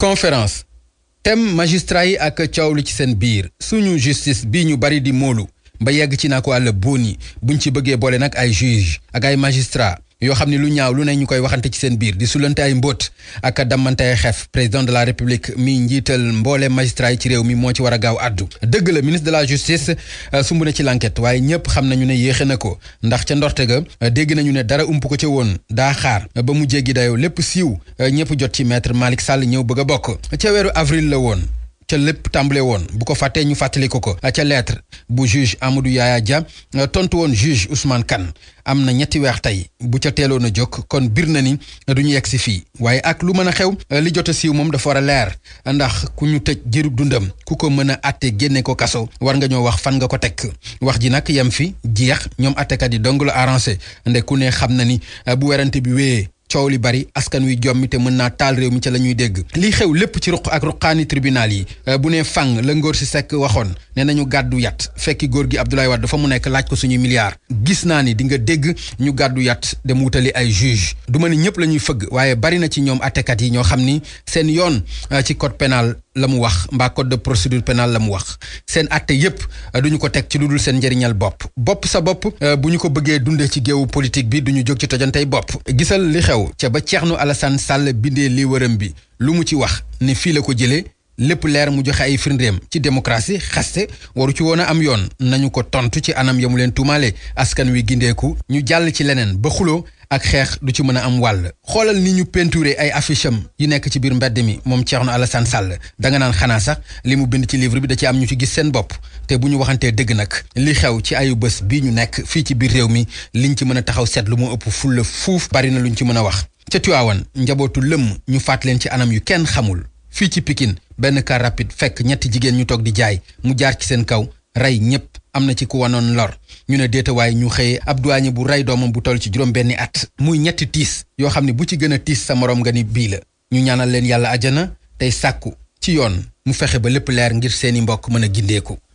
conférence thème magistrat yi ak coow lu ci seen biir suñu justice bii ñu bari di moolu ba yegg ci naa ko àll boon yi buñ ci bëggee boole nag ay juge ak ay magistrat yoo xam ne lu ñaaw lu ne ñu koy waxante ci seen biir di sulante ay mbóot ak dammante ay xeef président de la république mi njiital mboole magistrat yi ci réew mi moo ci war a gaaw addu dëgg la ministre de la justice euh, sumb na ci l'enquête waaye ñëpp xam nañu ne yéexe na ko ndax ca ndorte ga euh, dégg nañu ne dara ump ko ca woon daa xaar euh, ba mu jéggi dayoo lépp siiw ñëpp jot ci maître Malick Sall ñëw bëgg a bokk ca weeru avril la woon ca lépp tàmbale woon bu ko fàttee ñu fàttali ko ko ca lettre bu juge Amadou Yaya Dia tontu woon juge Ousmane kan am na ñetti weex tey bu ca teeloon a jóg kon biir na ni du ñu yegg si fii waaye ak lu mën a xew li jot a siiw moom dafa war a leer ndax ku ñu tëj jërub dundam ku ko mën a àtte génne ko kaso war nga ñoo wax fan nga ko teg wax ji nag yem fi jeex ñoom àttekat yi dong la arrangé nde ku ne xam na ni bu werante bi wéyee coow li bari askan wi jommi te mën naa taal réew mi ca la ñuy dégg lii xew lépp ci ruq ak ruqaani tribunal yi euh, bu ne fang la ngóor si sekk waxoon ne nañu gàddu yat fekki góor gi Abdoulaye Wade dafa mu nekk laaj ko suñuy milliards gis naa ni di nga dégg ñu gàddu yat dem wutali ay juge du ma ni ñëpp la ñuy fëgg waaye bari na ci ñoom attekat yi ñoo xam ni seen yoon euh, ci code pénal la mu wax mbaa code de procédure la mu wax seen atte yépp euh, du ko teg ci lu dul seen njariñal bopp bopp sa bopp euh, bu ñu ko bëggee dundee ci géewu politique bi du ñu jóg ci tojantey bopp gisal li xew ca ba Thierno Alassane Sall bindee li wërëm bi lu mu ci wax ni fii la ko jëlee lépp leer mu joxe ay firndeem ci démocratie xaste waru ci woon a am yoon nañu ko tontu ci anam ya mu leen tuumaale askan wi gindeeku ñu jàll ci leneen ba xuloo ak xeex du ci mën a am wàll xoolal ni ñu peinturé ay affiche am yi nekk ci biir mbedd mi moom ceex Thierno Alassane Sall danga naan xanaa sax li mu bind ci livre bi da ci am ñu ci gis seen bopp te bu ñu waxantee dëgg nag li xew ci ayu bés bii ñu nekk fii ci biir réew mi li ñu ci mën a taxaw seet lu mu ëpp fulla fuuf bari na ñu ci mën a wax ca Tiwaawan njabootu lëmm ñu faat leen ci anam yu kenn xamul fii ci pikin benn car rapide fekk ñetti jigéen ñu toog di jaay mu jaar ci seen kaw rey ñëpp am na ci ku wanoon lor ñu ne déetawaay ñu xëyee ab duwaañe bu rey doomam bu toll ci juróom benni at muy ñetti tiis yoo xam ne bu ci gën a tiis sa moroom nga ni bii la ñu ñaanal leen yàlla ajana tey sàkku ci yoon mu fexe ba lépp leer ngir seeni mbokk mën a ko